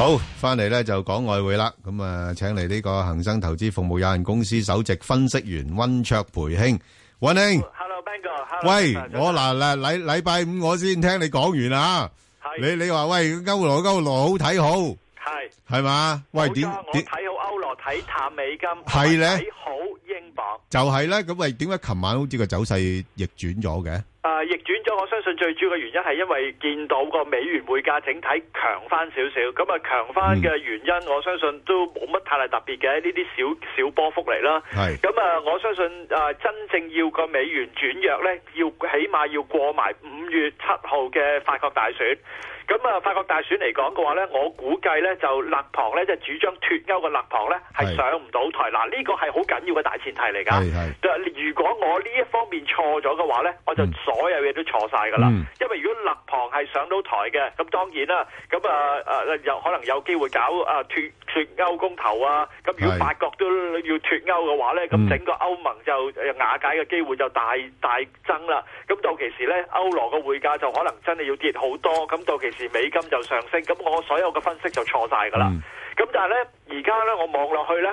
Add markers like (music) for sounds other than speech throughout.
好，翻嚟咧就講外匯啦。咁啊，請嚟呢個恒生投資服務有限公司首席分析員溫灼培兄，溫兄。Hello，Bingo。喂，我嗱嗱禮禮拜五我先聽你講完啊。係。你你話喂歐羅歐羅好睇好，係係嘛？喂，點點？睇好歐羅睇淡美金，係咧。好。就係咧，咁喂，點解琴晚好似個走勢逆轉咗嘅？誒，逆轉咗，我相信最主要嘅原因係因為見到個美元匯價整體強翻少少，咁啊強翻嘅原因，我相信都冇乜太大特別嘅，呢啲小小波幅嚟啦。係，咁啊，我相信誒，真正要個美元轉弱咧，要起碼要過埋五月七號嘅法國大選。咁啊，法國大選嚟講嘅話呢，我估計呢就勒旁呢，即係主張脱歐嘅勒旁呢係上唔到台。嗱是，呢個係好緊要嘅大前提嚟㗎。如果我呢一方面錯咗嘅話呢，嗯、我就所有嘢都錯曬㗎啦。嗯、因為如果勒旁係上到台嘅，咁當然啦，咁啊有、啊啊、可能有機會搞啊脱脱歐公投啊。咁如果法國都要脱歐嘅話呢，咁是整個歐盟就、嗯、瓦解嘅機會就大大增啦。咁到期時呢，歐羅嘅匯價就可能真係要跌好多。咁到期時。美金就上升，咁我所有嘅分析就錯晒噶啦。咁、嗯、但係咧，而家咧我望落去咧。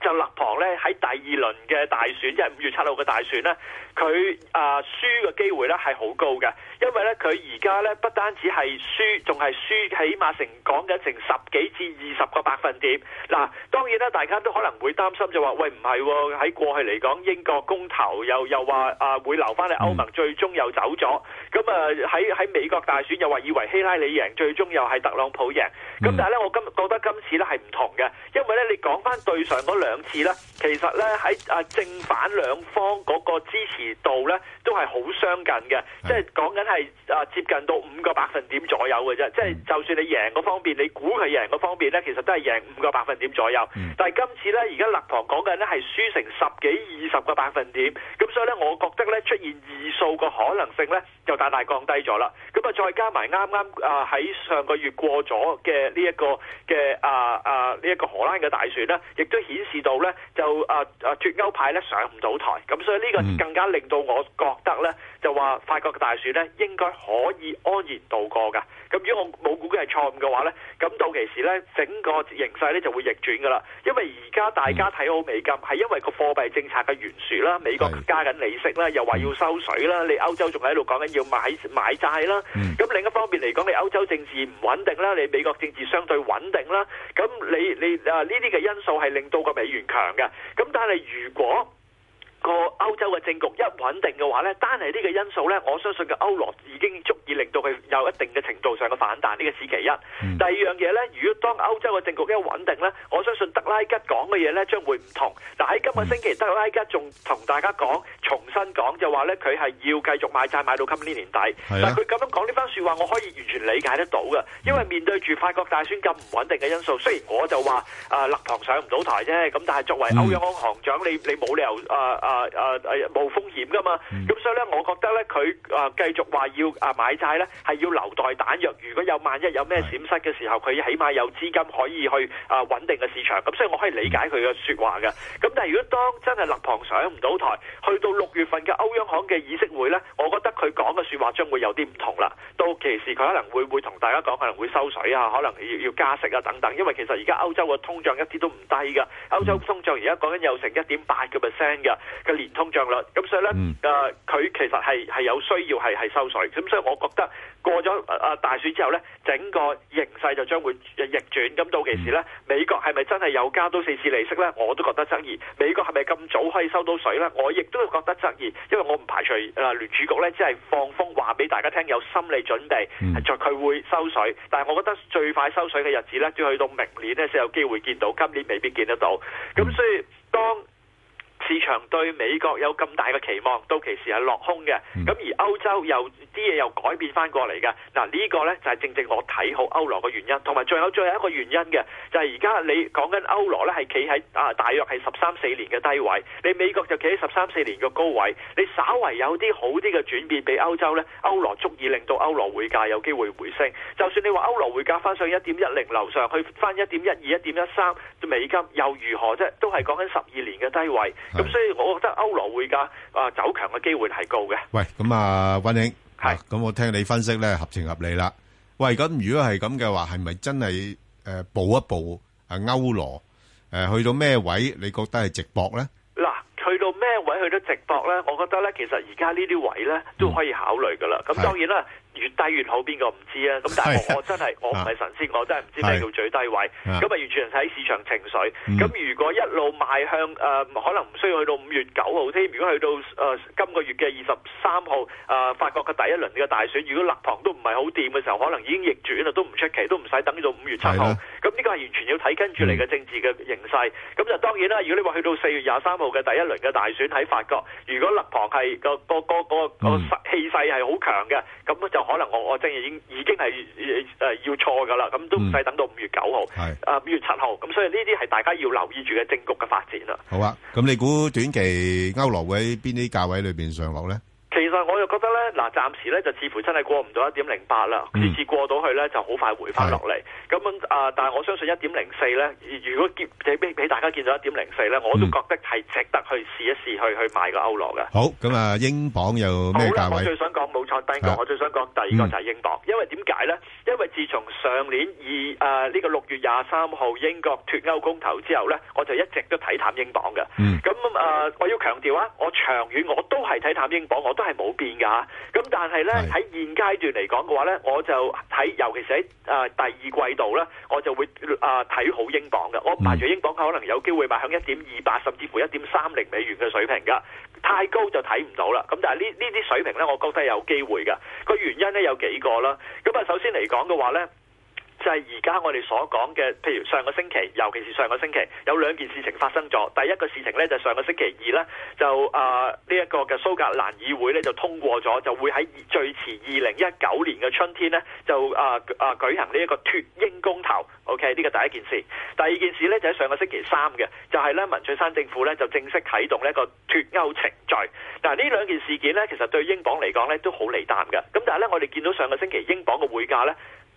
就勒旁咧喺第二輪嘅大選，即係五月七號嘅大選咧，佢啊輸嘅機會咧係好高嘅，因為咧佢而家咧不單止係輸，仲係輸起碼成講緊成十幾至二十個百分點嗱，啊，當然啦，大家都可能會擔心就話：喂，唔係喎，喺過去嚟講，英國公投又又話啊會留翻嚟歐盟，最終又走咗。咁啊喺喺美國大選又話以為希拉里贏，最終又係特朗普贏。咁但係咧，我今覺得今次咧係唔同嘅，因為咧你講翻對上嗰兩兩次呢，其實呢，喺啊正反兩方嗰個支持度呢，都係好相近嘅，即係講緊係啊接近到五個百分點左右嘅啫。即係就算你贏嗰方面，你估佢贏嗰方面呢，其實都係贏五個百分點左右。嗯、但係今次呢，而家勒龐講緊呢，係輸成十幾二十個百分點，咁所以呢，我覺得呢，出現二數個可能性呢，就大大降低咗啦。咁啊，再加埋啱啱啊喺上個月過咗嘅呢一個嘅、這個、啊啊呢一個荷蘭嘅大選呢，亦都顯示。咧就啊脫歐派咧上唔到台，咁所以呢個更加令到我覺得咧就話法國大選咧應該可以安然度過㗎。咁如果我冇估計係錯誤嘅話咧，咁到其時咧整個形勢咧就會逆轉㗎啦。因為而家大家睇好美金係、嗯、因為個貨幣政策嘅懸殊啦，美國加緊利息啦，又話要收水啦，你歐洲仲喺度講緊要買買債啦。咁、嗯、另一方面嚟講，你歐洲政治唔穩定啦，你美國政治相對穩定啦。咁你你啊呢啲嘅因素係令到個美金美元強嘅，咁但係如果。 (noise) 個歐洲嘅政局一穩定嘅話呢，單係呢個因素呢，我相信嘅歐羅已經足以令到佢有一定嘅程度上嘅反彈。呢、這個是其一。嗯、第二樣嘢呢，如果當歐洲嘅政局一穩定呢，我相信德拉吉講嘅嘢呢將會唔同。嗱，喺今個星期，嗯、德拉吉仲同大家講，重新講就話呢，佢係要繼續買債買到今年年底。啊、但佢咁樣講呢番説話，我可以完全理解得到嘅，因為面對住法國大選咁唔穩定嘅因素，雖然我就話啊、呃、勒龐上唔到台啫，咁但係作為歐央行長，你你冇理由啊啊！呃呃啊啊啊！無風險噶嘛，咁所以咧，我覺得咧，佢啊繼續話要啊買債咧，係要留待彈藥。如果有萬一有咩閃失嘅時候，佢起碼有資金可以去啊穩定嘅市場。咁所以我可以理解佢嘅說話嘅。咁但係如果當真係立旁上唔到台，去到六月份嘅歐央行嘅議息會咧，我覺得佢講嘅說話將會有啲唔同啦。到其時佢可能會會同大家講，可能會收水啊，可能要要加息啊等等。因為其實而家歐洲嘅通脹一啲都唔低嘅，歐洲通脹而家講緊有成一點八個 percent 嘅。嘅年通脹率，咁所以咧，誒佢、嗯呃、其實係係有需要係收水。咁所以我覺得過咗、呃、大選之後咧，整個形勢就將會逆轉，咁到其時咧，嗯、美國係咪真係有加到四次利息咧？我都覺得質疑。美國係咪咁早可以收到水咧？我亦都覺得質疑，因為我唔排除聯儲局咧，只係放風話俾大家聽有心理準備，係佢、嗯、會收水，但係我覺得最快收水嘅日子咧，要去到明年咧先有機會見到，今年未必見得到。咁所以當市場對美國有咁大嘅期望，到其時係落空嘅。咁而歐洲又啲嘢又改變翻過嚟嘅。嗱、這、呢個呢就係、是、正正我睇好歐羅嘅原因，同埋最後最後一個原因嘅就係而家你講緊歐羅呢，係企喺啊大約係十三四年嘅低位，你美國就企喺十三四年嘅高位。你稍為有啲好啲嘅轉變俾歐洲呢，歐羅足以令到歐羅匯價有機會回升。就算你話歐羅匯價翻上一點一零樓上去，翻一點一二、一點一三美金又如何啫？都係講緊十二年嘅低位。咁所以，我覺得歐羅匯價啊走強嘅機會係高嘅。喂，咁啊，温馨，係，咁我聽你分析咧，合情合理啦。喂，咁如果係咁嘅話，係咪真係誒步一步啊？歐羅誒去到咩位，你覺得係直搏咧？嗱，去到咩位去到直搏咧？我覺得咧，其實而家呢啲位咧都可以考慮噶啦。咁當然啦。越低越好，邊個唔知啊？咁但係我真係是我唔係神仙，是我真係唔知咩叫最低位。咁啊，完全係睇市場情緒。咁、嗯、如果一路邁向誒、呃，可能唔需要去到五月九號添。如果去到誒、呃、今個月嘅二十三號，誒、呃、法國嘅第一輪嘅大選，如果勒旁都唔係好掂嘅時候，可能已經逆轉啦，都唔出奇，都唔使等到五月七號。咁呢的個係完全要睇跟住嚟嘅政治嘅形勢。咁、嗯、就當然啦，如果你話去到四月廿三號嘅第一輪嘅大選喺法國，如果勒旁係個個個個個、嗯、氣勢係好強嘅，咁就。可能我我正已經已經係誒、呃、要錯㗎啦，咁都唔使等到五月九號，啊五、嗯呃、月七號，咁所以呢啲係大家要留意住嘅政局嘅發展啦。好啊，咁你估短期歐羅會喺邊啲價位裏邊上落咧？其實我又覺得咧，嗱，暫時咧就似乎真係過唔到一點零八啦，次、嗯、次過到去咧就好快回翻落嚟。咁啊是、呃，但係我相信一點零四咧，如果見俾俾大家見到一點零四咧，我都覺得係值得去試一試去去買個歐羅嘅。好，咁啊，英鎊又咩價位？啊啊、我最想講，第二個就係英鎊，嗯、因為點解呢？因為自從上年二誒呢個六月廿三號英國脫歐公投之後呢，我就一直都睇淡英鎊嘅。咁誒、嗯呃，我要強調啊，我長遠我都係睇淡英鎊，我都係冇變㗎、啊。咁但係呢，喺是現階段嚟講嘅話呢，我就睇，尤其是喺誒第二季度呢，我就會誒睇、呃、好英鎊嘅。我買住英鎊，嗯、可能有機會賣向一點二八，甚至乎一點三零美元嘅水平㗎。太高就睇唔到啦，咁但係呢呢啲水平咧，我覺得有機會噶。個原因咧有幾個啦，咁啊首先嚟講嘅話咧。就係而家我哋所講嘅，譬如上個星期，尤其是上個星期有兩件事情發生咗。第一個事情呢，就係、上個星期二呢，就啊呢一個嘅蘇格蘭議會呢，就通過咗，就會喺最遲二零一九年嘅春天呢，就啊啊、呃呃、舉行呢一個脫英公投。OK，呢個第一件事。第二件事呢，就喺、係、上個星期三嘅，就係、係、呢文翠珊政府呢，就正式啟動呢個脫歐程序。但、呃、嗱，呢兩件事件呢，其實對英鎊嚟講呢，都好利淡嘅。咁但係呢，我哋見到上個星期英鎊嘅匯價呢，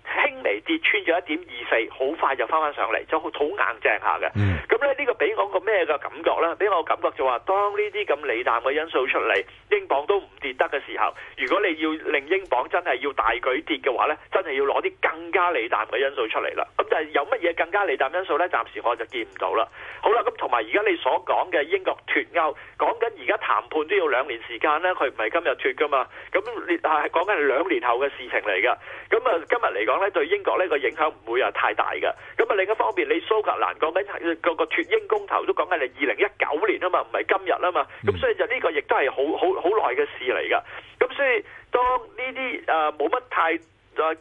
輕微跌穿咗一點二四，好快就翻返上嚟，就好硬正下嘅。咁咧呢個俾我個咩嘅感覺呢？俾我感覺就話，當呢啲咁利淡嘅因素出嚟，英鎊都唔跌得嘅時候，如果你要令英鎊真係要大舉跌嘅話呢，真係要攞啲更加利淡嘅因素出嚟啦。咁就係有乜嘢更加利淡因素呢？暫時我就見唔到啦。好啦，咁同埋而家你所講嘅英國脱歐，講緊而家談判都要兩年時間呢，佢唔係今日脱噶嘛。咁啊係講緊兩年後嘅事情嚟噶。咁啊今日嚟講。咧對英國呢個影響唔會有太大嘅，咁啊另一方面，你蘇格蘭講緊嗰個脱英公投都講緊係二零一九年啊嘛，唔係今日啊嘛，咁所以就呢個亦都係好好好耐嘅事嚟噶，咁所以當呢啲誒冇乜太。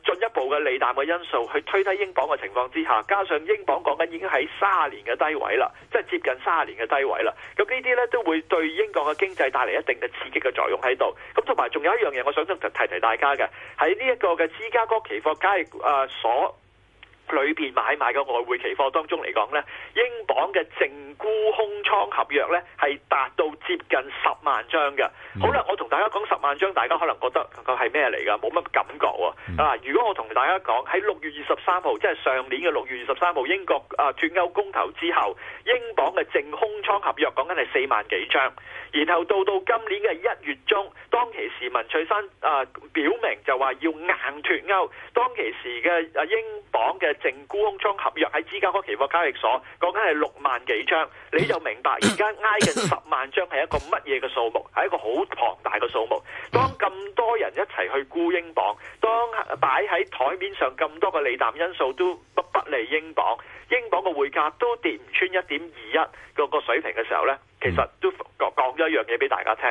進一步嘅利淡嘅因素去推低英鎊嘅情況之下，加上英鎊講緊已經喺卅年嘅低位啦，即係接近卅年嘅低位啦。咁呢啲呢都會對英國嘅經濟帶嚟一定嘅刺激嘅作用喺度。咁同埋仲有一樣嘢，我想提提大家嘅喺呢一個嘅芝加哥期貨交易、呃、所。裏邊買賣嘅外匯期貨當中嚟講呢，英鎊嘅淨沽空倉合約呢，係達到接近十萬張嘅。Mm. 好啦，我同大家講十萬張，大家可能覺得個係咩嚟噶，冇乜感覺喎、啊。Mm. 啊，如果我同大家講喺六月二十三號，即係上年嘅六月二十三號英國啊脫歐公投之後，英鎊嘅淨空倉合約講緊係四萬幾張。然後到到今年嘅一月中，當其時文翠珊啊表明就話要硬脫歐，當其時嘅英鎊嘅，淨沽空倉合約喺芝加哥期貨交易所，講緊係六萬幾張，你就明白而家挨近十萬張係一個乜嘢嘅數目，係一個好龐大嘅數目。當咁多人一齊去沽英鎊，當擺喺台面上咁多嘅利淡因素都不不利英鎊，英鎊嘅匯價都跌唔穿一點二一嘅個水平嘅時候呢，其實都講講咗一樣嘢俾大家聽。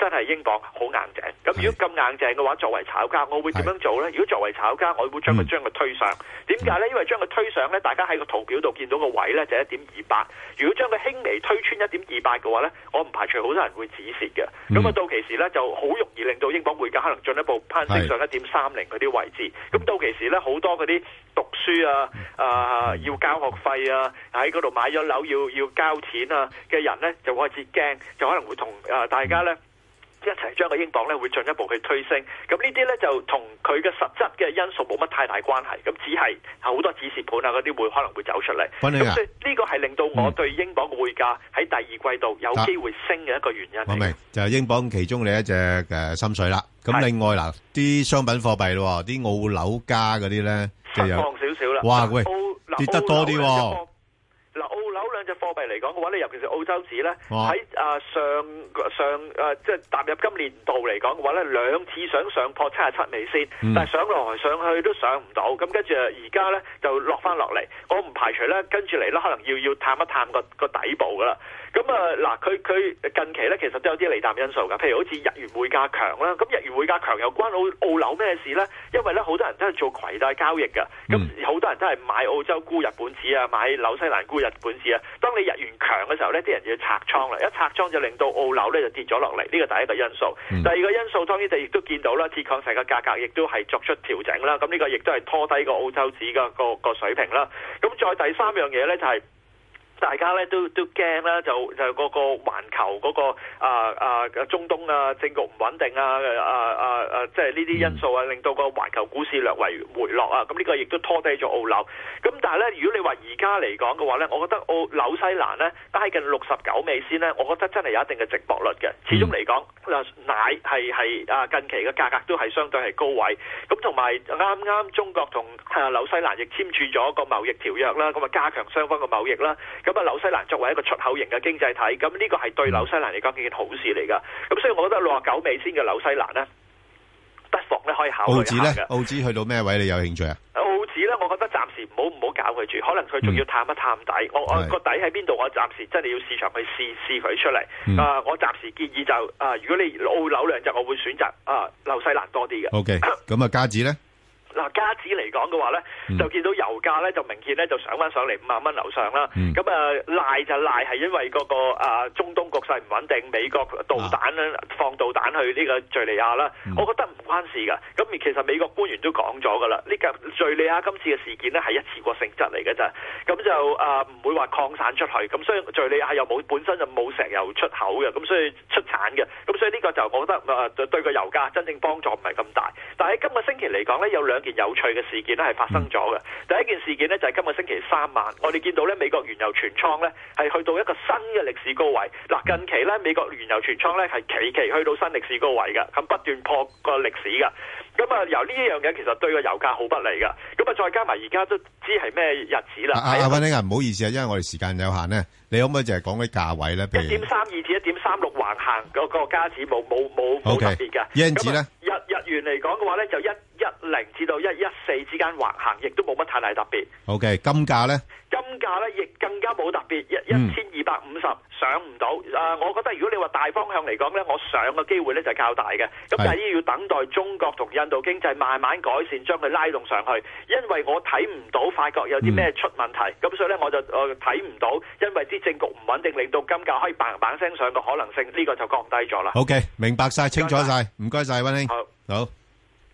真係英鎊好硬淨，咁如果咁硬淨嘅話，是作為炒家，我會點樣做呢？是如果作為炒家，我會將佢將佢推上。點解呢？因為將佢推上呢，大家喺個圖表度見到個位呢，就一點二八。如果將佢輕微推穿一點二八嘅話呢，我唔排除好多人會止蝕嘅。咁啊、嗯，到其時呢，就好容易令到英鎊匯價可能進一步攀升上一點三零嗰啲位置。咁是到其時呢，好多嗰啲讀書啊啊、嗯、要交學費啊，喺嗰度買咗樓要要交錢啊嘅人呢，就開始驚，就可能會同、呃、大家呢。嗯一齊將個英鎊咧會進一步去推升，咁呢啲咧就同佢嘅實質嘅因素冇乜太大關係，咁只係好多指示盤啊嗰啲會可能會走出嚟。分啊、所以呢個係令到我對英鎊嘅匯價喺第二季度有機會升嘅一個原因，嗯啊。我明就係、是、英鎊其中嘅一隻嘅、呃、心水是啦。咁另外嗱，啲商品貨幣咯，啲澳紐加嗰啲咧，就降少少啦。哇，喂，澳跌得多啲。貨幣嚟講嘅話，咧尤其是澳洲紙咧，喺哇啊上上誒即係踏入今年度嚟講嘅話咧，兩次想上破七十七美仙，嗯、但係上落上去都上唔到，咁跟住而家咧就落翻落嚟。我唔排除咧，跟住嚟咧可能要要探一探個個底部噶啦。咁、嗯、啊嗱，佢佢近期咧其實都有啲利淡因素㗎，譬如好似日元匯價強啦，咁、嗯、日元匯價強又關澳澳樓咩事咧？因為咧好多人都係做攜帶交易㗎，咁好、嗯、多人都係買澳洲沽、日本紙啊，買紐西蘭沽、日本紙啊。當你日元強嘅時候，呢啲人要拆倉啦，一拆倉就令到澳樓呢就跌咗落嚟，呢個第一個因素。第二個因素，當然你亦都見到啦，鐵礦石嘅價格亦都係作出調整啦，咁呢個亦都係拖低個澳洲紙嘅個水平啦。咁再第三樣嘢呢，就係。大家咧都都驚啦，就就嗰個環球嗰個啊啊中東啊政局唔穩定啊啊啊啊，即係呢啲因素啊，令到個環球股市略為回落啊。咁呢個亦都拖低咗澳樓。咁但係咧，如果你話而家嚟講嘅話咧，我覺得澳紐西蘭咧喺近六十九美仙呢。我覺得真係有一定嘅值博率嘅。始終嚟講，嗱奶係啊近期嘅價格都係相對係高位。咁同埋啱啱中國同啊紐西蘭亦簽署咗個貿易條約啦，咁啊加強雙方嘅貿易啦。咁啊，紐西蘭作為一個出口型嘅經濟體，咁呢個係對紐西蘭嚟講幾件好事嚟㗎。咁所以，我覺得六啊九美先嘅紐西蘭呢，不妨呢可以考慮下嘅。澳紙去到咩位你有興趣啊？澳紙呢？我覺得暫時唔好唔好搞佢住，可能佢仲要探一探底。嗯、我我個是底喺邊度？我暫時真係要市場去試試佢出嚟。啊、嗯，uh, 我暫時建議就啊，uh, 如果你澳紐兩就，我會選擇啊、uh, 紐西蘭多啲嘅。OK，咁啊，加紙呢？ (laughs) 講嘅話咧，就見到油價咧就明顯咧就上翻上嚟五十蚊樓上啦。咁啊賴就賴係因為嗰、嗰個、啊、中東局勢唔穩定，美國導彈咧、啊、放導彈去呢個敘利亞啦。嗯、我覺得唔關事噶。咁其實美國官員都講咗噶啦，呢、呢個敘利亞今次嘅事件咧係一次過性質嚟噶咋。咁就唔、啊、會話擴散出去。咁所以敘利亞又冇本身就冇石油出口嘅，咁所以出產嘅。咁所以呢個就我覺得啊對個油價真正幫助唔係咁大。但係今個星期嚟講呢有兩件有趣嘅事件。咧係發生咗嘅第一件事件呢，就係、是、今個星期三晚，我哋見到呢美國原油全倉呢，係去到一個新嘅歷史高位。嗱近期呢，美國原油全倉呢，係期期去到新歷史高位嘅，咁不斷破個歷史嘅。咁啊由呢一樣嘢其實對個油價好不利嘅。咁啊再加埋而家都知係咩日子啦。阿阿君唔好意思啊，因為我哋時間有限呢。你可唔可以就係講啲價位呢？譬如一點三二至一點三六橫行，那個個價錢冇冇冇冇特別嘅。日日元嚟講嘅話呢，就一，一零至到一一四之間橫行，亦都冇乜太大特別。Ok，金價呢？金價呢？亦更加冇特別，一一千二百五十上唔到。誒、呃，我覺得如果你話大方向嚟講呢我上嘅機會呢就較大嘅。咁但係要等待中國同印度經濟慢慢改善，將佢拉動上去。因為我睇唔到法國有啲咩出問題，咁、嗯、所以呢，我就睇唔、呃、到。因為啲政局唔穩定，令到金價可以嘭嘭聲上嘅可能性，呢、這個就降低咗啦。Ok，明白晒，清楚晒，唔該晒，溫兄。好。好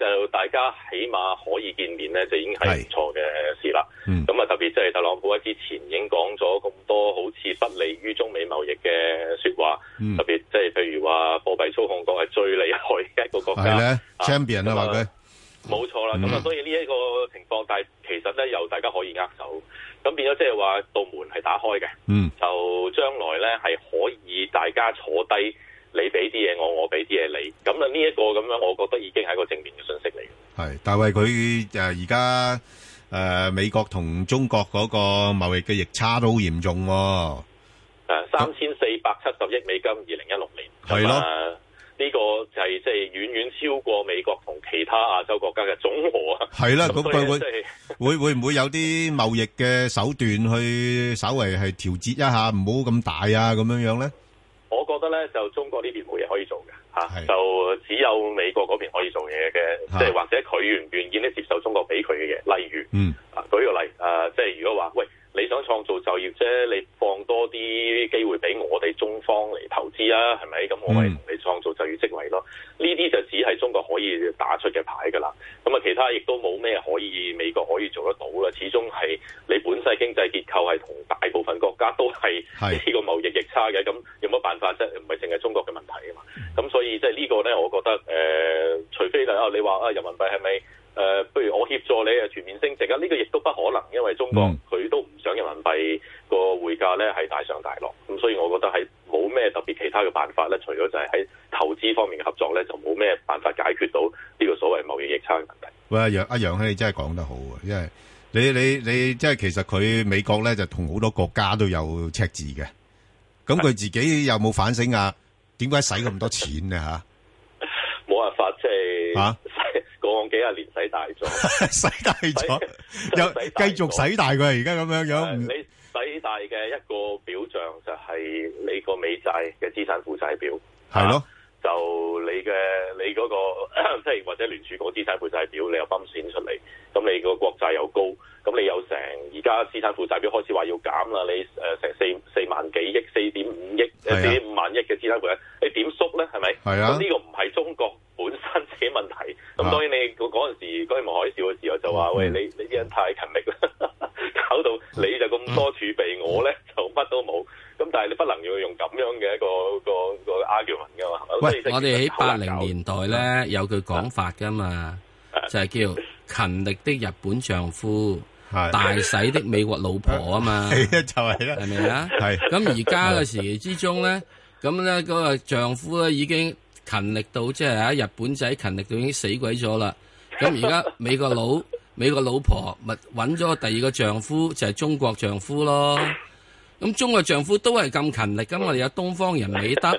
就大家起碼可以見面咧，就已經係唔錯嘅事啦。咁啊，嗯、特別即係特朗普之前已經講咗咁多好似不利於中美貿易嘅説話，嗯、特別即係譬如話貨幣操控國係最厲害嘅一個國家。咧呢、啊，Champion 啊，話佢他？冇錯啦。咁啊、嗯，所以呢一個情況，但係其實咧，又大家可以握手，咁變咗即係話道門係打開嘅。嗯，就將來咧係可以大家坐低。你俾啲嘢我，我俾啲嘢你，咁啊呢一個咁樣，我覺得已經係一個正面嘅信息嚟嘅。係，但係佢誒而家誒美國同中國嗰個貿易嘅逆差都好嚴重，啊。誒、啊，三千四百七十億美金2016年，二零一六年係咯，呢、啊這個就係即係遠遠超過美國同其他亞洲國家嘅總和啊。係啦，就是，咁佢會會會唔會有啲貿易嘅手段去稍微係調節一下，唔好咁大啊，咁樣樣咧？我覺得咧就中國呢邊冇嘢可以做嘅吓，啊、的就只有美國嗰邊可以做嘢嘅，即係的或者佢願唔願意咧接受中國俾佢嘅嘢，例如，啊、嗯、舉個例，誒即係如果話喂。你想創造就業啫，你放多啲機會俾我哋中方嚟投資啊，係咪？咁我咪同你創造就業職位咯。呢啲就只係中國可以打出嘅牌噶啦。咁啊，其他亦都冇咩可以美國可以做得到啦。始終係你本身經濟結構係同大部分國家都係呢個貿易逆差嘅，咁是有乜辦法啫？即係唔係淨係中國嘅問題啊嘛。咁所以即係呢個咧，我覺得誒、呃，除非咧啊，你話啊，人民幣係咪？誒，不、呃、如我協助你啊，全面升值啊？呢、這個亦都不可能，因為中國佢都唔想人民幣個匯價咧係大上大落。咁所以我覺得係冇咩特別其他嘅辦法咧，除咗就係喺投資方面嘅合作咧，就冇咩辦法解決到呢個所謂貿易逆差嘅問題。喂，楊阿楊兄你真係講得好啊，因為你你你即係其實佢美國咧就同好多國家都有赤字嘅，咁佢自己有冇反省啊？點解使咁多錢呢、啊？吓，冇辦法，即、就、係、是、啊。而家連洗大咗， (laughs) 洗大咗了洗又繼續洗大佢而家咁樣樣，你洗大嘅一個表象就係你個美債嘅資產負債表，係咯。就你嘅你嗰、嗰個即係或者聯儲局資產負債表，你有崩閃出嚟，咁你個國債又高，咁你有成而家資產負債表開始話要減啦，你誒、呃、成四,四萬幾億、四點五億、誒四點五萬億嘅資產負債，你點縮呢？係咪？係啊！呢個唔係中國本身自己問題，咁當然你嗰嗰陣時嗰陣時海嘯嘅時候就話：嗯、喂，你你啲人太勤力啦， (laughs) 搞到你就咁多儲備，嗯、我呢就乜都冇。咁但係你不能要用咁樣嘅一個。喂，我哋喺八零年代咧，有句講法噶嘛，就係、是、叫勤力的日本丈夫，是大洗的美國老婆啊嘛，就係、是、啦，係咪啊？係咁而家嘅時期之中咧，咁咧嗰個丈夫咧已經勤力到，即係喺日本仔勤力到已經死鬼咗啦。咁而家美國老美國老婆咪揾咗第二個丈夫，就係、是、中國丈夫咯。咁中國丈夫都係咁勤力，咁我哋有東方人美德。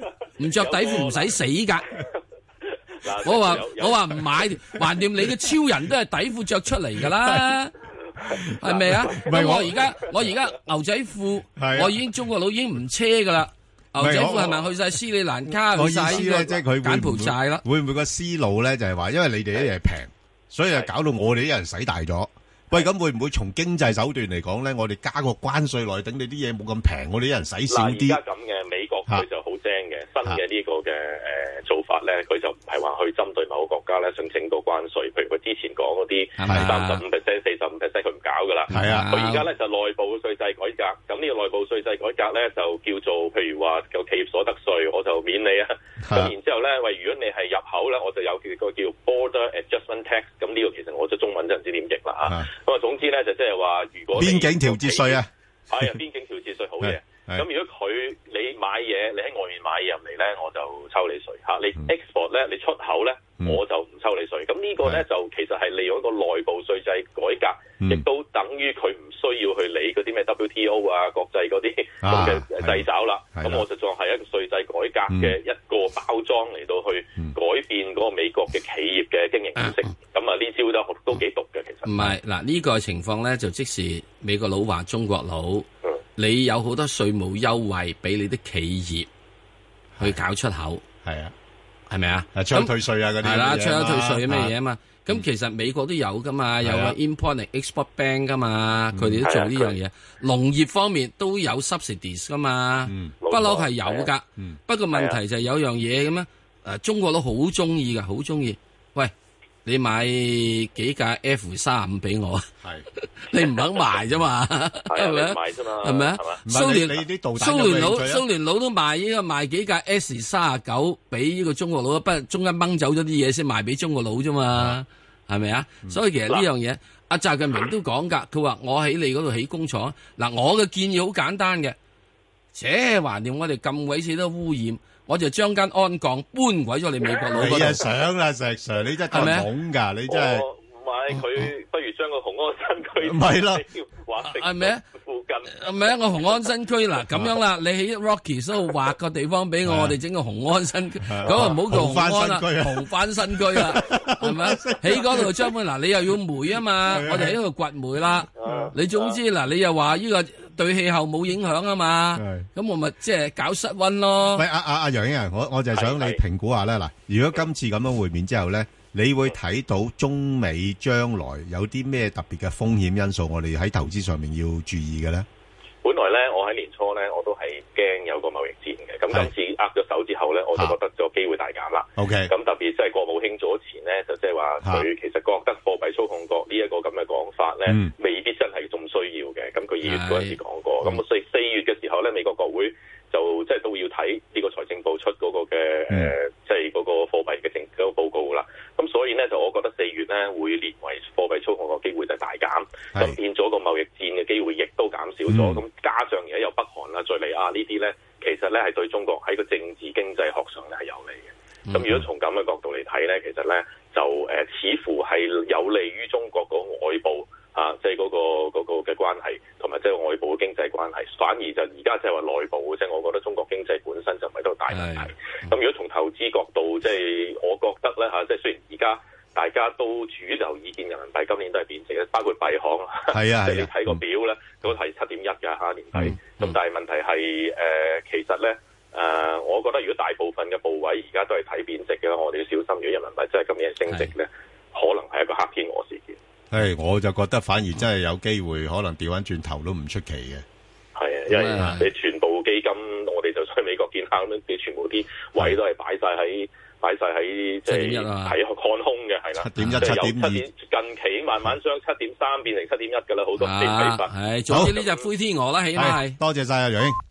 唔着底褲唔使死噶，我話我話唔買，橫掂你嘅超人都係底褲着出嚟噶啦，係咪啊？我而家我而家牛仔褲，我已經中國佬已經唔車噶啦。牛仔褲係咪去晒斯里蘭卡去晒？即係佢柬埔寨晒啦。會唔會個思路咧？就係話，因為你哋啲嘢平，所以就搞到我哋啲人使大咗。喂，咁會唔會從經濟手段嚟講咧？我哋加個關稅落去，等你啲嘢冇咁平，我哋啲人使少啲。而家咁嘅美國佢就好。嘅新嘅呢個嘅誒做法咧，佢就唔係話去針對某個國家咧，申請個關稅，譬如佢之前講嗰啲係三十五 percent、四十五 percent 佢唔搞噶啦。係啊，佢而家咧就內部稅制改革。咁呢個內部稅制改革咧就叫做譬如話個企業所得稅，我就免你啊。咁然之後咧，喂，如果你係入口咧，我就有佢個叫 border adjustment tax。咁呢個其實我即中文就唔知點譯啦嚇。咁啊，啊，總之咧就即係話，如果邊境調節稅啊，係啊、哎，邊境調節稅好嘢。 (laughs) 咁如果佢你買嘢，你喺外面買嘢入嚟咧，我就抽你稅，嗯、你 export 咧，你出口咧，嗯、我就唔抽你稅。咁呢個咧的就其實係利用一個內部稅制改革，亦、嗯、都等於佢唔需要去理嗰啲咩 WTO 啊國際嗰啲咁嘅掣肘啦。咁我就在係一個稅制改革嘅一個包裝嚟到去的改變嗰個美國嘅企業嘅經營模式。咁啊呢招都幾毒嘅其實。唔係，嗱，呢個情況咧，就即使美國佬話中國佬。你有好多稅務優惠俾你啲企業去搞出口，係啊，係咪啊？咁出口退稅啊嗰啲係啦，出口退稅咩嘢啊嘛。咁其實美國都有噶嘛，有個 import and export bank 噶嘛，佢哋都做呢樣嘢。農業方面都有 subsidies 噶嘛，不嬲係有噶。不過問題就係有樣嘢咁嘛，誒，中國都好中意㗎，好中意。喂。你買幾架 F 三五俾我啊？係你唔肯賣啫嘛？係咪？賣啫嘛？係咪啊？蘇聯，蘇聯佬蘇聯佬都賣呢個，賣幾架 S 三九俾呢個中國佬，不過中間掹走咗啲嘢，先賣俾中國佬啫嘛？係咪啊？所以其實呢樣嘢，阿習近平都講噶，佢話我喺你嗰度起工廠。嗱，我嘅建議好簡單嘅，切，話掂我哋咁鬼死多污染。我就將間安鋼搬鬼咗你美國佬，你又想啊 Sir Sir，你真係懵噶，你真係唔係佢，不如將個紅安新區喺呢條畫定附近，唔係啊一個紅安新區嗱咁樣啦，你喺 Rocky So 畫個地方俾我，我哋整個紅安新區，咁啊唔好叫紅安啦，紅翻新區啦，係咪啊？喺嗰度將嗱你又要煤啊嘛，我哋喺度掘煤啦，你總之嗱你又話呢個。對氣候冇影響啊嘛，咁我咪即係搞室溫咯。喂，阿阿阿楊宇霆，我我就係想你評估下咧，嗱，如果今次咁樣會面之後咧，你會睇到中美將來有啲咩特別嘅風險因素，我哋喺投資上面要注意嘅咧？本來咧，我喺年初咧，我都係驚有個貿易戰嘅。咁今次握咗手之後咧，我就覺得咗機會大減啦。OK，咁特別即係國務卿早前咧，就即係話佢其實覺得貨幣操控國呢一個咁嘅講法咧，未必真係仲需要嘅。咁佢二月嗰陣時講。咁四四月嘅時候咧，美國國會就即係都要睇呢個財政部出嗰個嘅誒，即係嗰個貨幣嘅整嗰個報告啦。咁所以咧，就我覺得四月咧會列為貨幣操控個機會就大減，咁變咗個貿易戰嘅機會亦都減少咗。咁、嗯嗯到即係，我覺得咧嚇、啊，即係雖然而家大家都主流意見人民幣今年都係貶值咧，包括幣行啊，即係呵、啊、你睇個表咧、嗯、都係七點一嘅下年底。咁是但係問題係誒、呃，其實咧誒、呃，我覺得如果大部分嘅部位而家都係睇貶值嘅，我哋要小心。如果人民幣真係今年升值咧，是可能係一個黑天鵝事件。係，我就覺得反而真係有機會，可能調翻轉頭都唔出奇嘅。係啊，因為你啲位都係擺晒喺，擺晒喺即係睇看空嘅，係啦。七點一七點二，近期慢慢將七點三變成七點一嘅啦，好多啲睇、啊、法。係，的，的總之呢灰天鵝啦，起碼係。多謝曬啊，楊英。